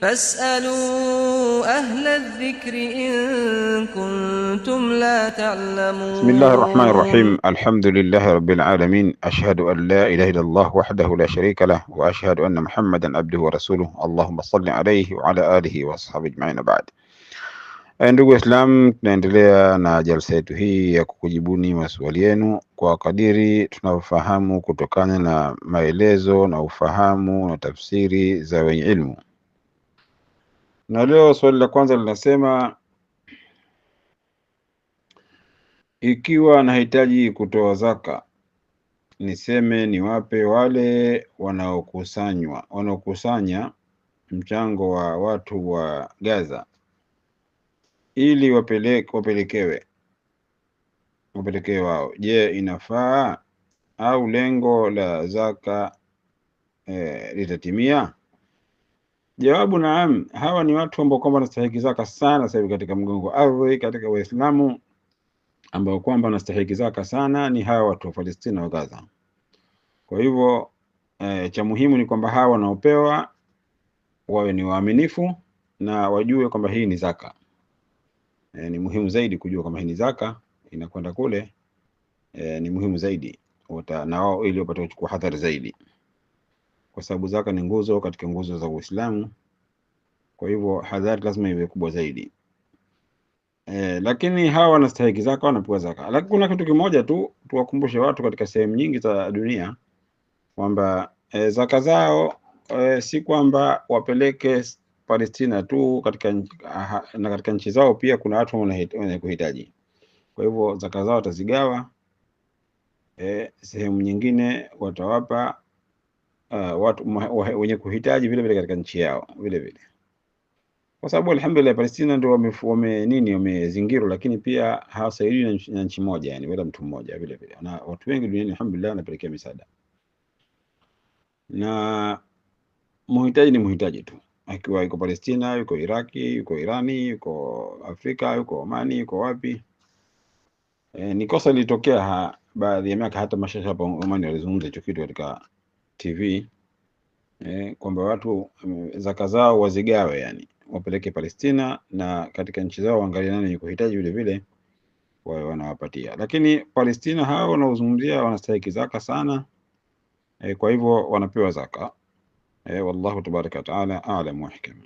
فاسألوا أهل الذكر إن كنتم لا تعلمون بسم الله الرحمن الرحيم الحمد لله رب العالمين أشهد أن لا إله إلا الله وحده لا شريك له وأشهد أن محمدا عبده ورسوله اللهم صل عليه وعلى آله وصحبه أجمعين بعد Ndugu Waislamu, tunaendelea na jalsa yetu hii ya kukujibuni maswali yenu kwa kadiri tunavyofahamu kutokana na maelezo na ufahamu na tafsiri za wenye ilmu. Na leo swali la kwanza linasema ikiwa nahitaji kutoa zaka, niseme niwape wale wanaokusanywa wanaokusanya mchango wa watu wa Gaza ili wapeleke, wapelekewe wapelekewe wao. Je, inafaa au lengo la zaka eh, litatimia? Jawabu, naam, hawa ni watu ambao kwamba wanastahiki zaka sana sasa hivi katika mgongo wa ardhi, katika Waislamu ambao kwamba wanastahiki zaka sana ni hawa watu wa Palestina wa Gaza. Kwa hivyo e, cha muhimu ni kwamba hawa wanaopewa wawe ni waaminifu na wajue kwamba hii ni zaka. E, ni muhimu zaidi kujua kwamba hii ni zaka inakwenda kule. E, ni muhimu zaidi wata, na wao ili wapate kuchukua hadhari zaidi kwa sababu zaka ni nguzo katika nguzo za Uislamu. Kwa hivyo hadhari lazima iwe kubwa zaidi. E, lakini hawa wanastahiki zaka, wanapewa zaka. Lakini kuna kitu kimoja tu tuwakumbushe watu katika sehemu nyingi za dunia kwamba e, zaka zao e, si kwamba wapeleke Palestina tu katika, na katika nchi zao pia kuna watu wenye kuhitaji. Kwa hivyo zaka zao watazigawa, e, sehemu nyingine watawapa Ah, watu wenye kuhitaji vile vile katika nchi yao vile vile, kwa sababu alhamdulillah Palestina ndio wame, wame nini wamezingirwa, lakini pia hawasaidii na nchi moja, yani wala mtu mmoja vile vile, na watu wengi duniani alhamdulillah wanapelekea misaada, na muhitaji ni muhitaji tu akiwa yuko Palestina, yuko Iraki, yuko Irani, yuko Afrika, yuko Omani, yuko wapi. E, ni kosa lilitokea baadhi ya miaka, hata mashasha hapa Omani walizungumza hicho kitu katika TV eh, kwamba watu mm, zaka zao wazigawe, yani wapeleke Palestina na katika nchi zao waangalie nani ni kuhitaji vile vile wawe wanawapatia. Lakini Palestina hao wanaozungumzia wanastahiki zaka sana eh, kwa hivyo wanapewa zaka eh, wallahu tabaraka wataala alam wahkam.